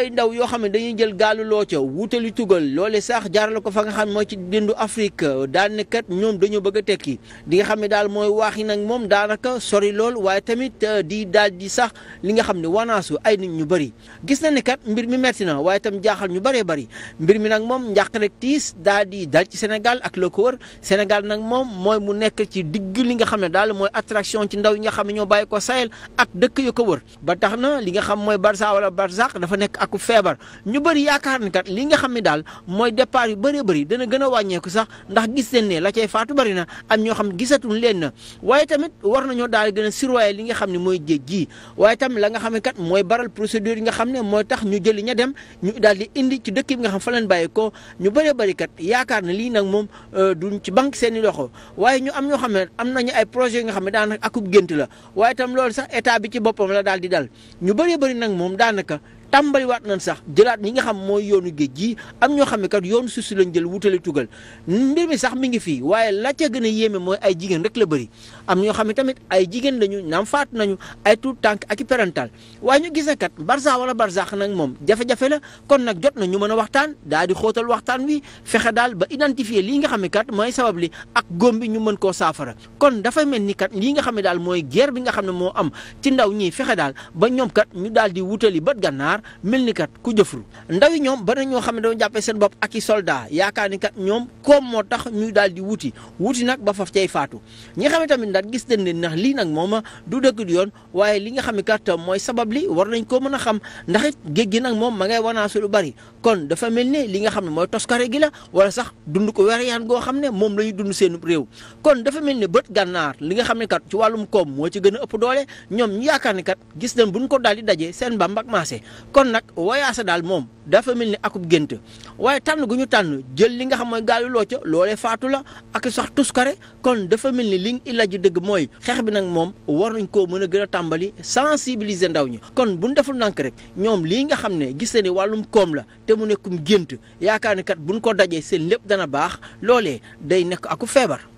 ay ndaw yoo xam ne dañuy jël gaalu loo ca wutali tugal loole sax jaarale ko fa nga xam ne mooy ci dindu Afrique daan ne kat ñoom dañoo bëgg a tekk di nga xam ne daal mooy waax yi nag moom daanaka sori lool waaye tamit euh, di daal di sax li nga xam ne wanaasu ay nit ñu bëri gis na ne kat mbir mi metti na waaye tam jaaxal ñu bëree bëri mbir mi nag moom njàq rek tiis daal di dal ci Sénégal ak la ko nag moom mooy mu nekk ci digg li nga xam ne daal mooy attraction ci ndaw yi nga xam ne ñoo bàyyi ko Sahel ak dëkk yoo ko wër ba tax na li nga xam mooy Barça wala Barzak dafa nekk ak wàññeeku feebar ñu bari yaakaar ni kat li nga xam ne daal mooy départ yu bëree bëri dana gën a wàññeeku sax ndax gis seen ne la cay faatu bari na am ñoo xam gisatuñ leen na waaye tamit war nañoo daal gën a surveiller li nga xam ne mooy géej gi waaye tamit la nga xam ne mooy baral procédure yi nga xam ne mooy tax ñu jëli ña dem ñu daal di indi ci dëkk bi nga xam fa leen bàyyi ko ñu bëree bëri yaakaar na lii nag moom euh, duñ ci banque seen i loxo waaye ñu am ñoo xam ne am nañu ay projet yi nga xam ne daanaka akub gént la waaye tam loolu sax état bi ci boppam la daal di dal ñu bëree bëri nag moom daanaka tàmbaliwaat nañ sax jëlaat ñi nga xam mooy yoonu géej gi am ñoo xam ne kat yoonu suuf si lañ jël wutale tugal mbir mi sax mi ngi fii waaye la ca gën a yéeme mooy ay jigéen rek la bari am ñoo xam ne tamit ay jigéen lañu naam faat nañu ay tuut tànk ak i parental waaye ñu gisee kat barsa wala barsax nag moom jafe-jafe la kon nag jot na ñu mën a waxtaan daal di xootal waxtaan wi fexe daal ba identifier lii nga xam ne kat mooy sabab li ak góom bi ñu mën koo saafara kon dafay mel ni kat lii nga xam ne daal mooy guerre bi nga xam ne moo am ci ndaw ñi fexe daal ba ñoom ñu daal di wutali bët gànnaar mel ni kat ku jëfru ndaw yi ñoom ba na ñoo xam ne dañoo jàppee seen bopp ak i soldat yaakaar ni kat ñoom koom moo tax ñuy daal di wuti wuti nag ba faf cay faatu ñi xam ne tamit ndax gis nañ ne ndax lii nag moom du dëgg yoon waaye li nga xam ne kat mooy sabab li war nañ koo mën a xam ndax it géej nag moom ma ngay wanaasu lu bari kon dafa mel ne li nga xam ne mooy toskare gi la wala sax dund ko weer yaan goo xam ne moom la ñu dund seen réew kon dafa mel ne bët gànnaar li nga xam ne kat ci wàllum koom moo ci gën a ëpp doole ñoom ñu yaakaar ne kat gis nañ buñ ko daal di dajee seen bàmbak maase kon nag wayaasa daal moom dafa mel ni akub gént waaye tànn gu ñu tànn jël li nga xam mooy gaalu loo ca loolee faatu la ak sax tuskare kon dafa mel ni li ñu ilaj dëgg mooy xeex bi nag moom war nañ koo mën a gën a tàmbali sensibiliser ndaw ñi kon bu ñu deful nànk rek ñoom lii nga xam ne gis na ni wàllum koom la te mu nekkum gént yaakaar ne kat bu buñ ko dajee seen lépp dana baax loolee day nekk aku feebar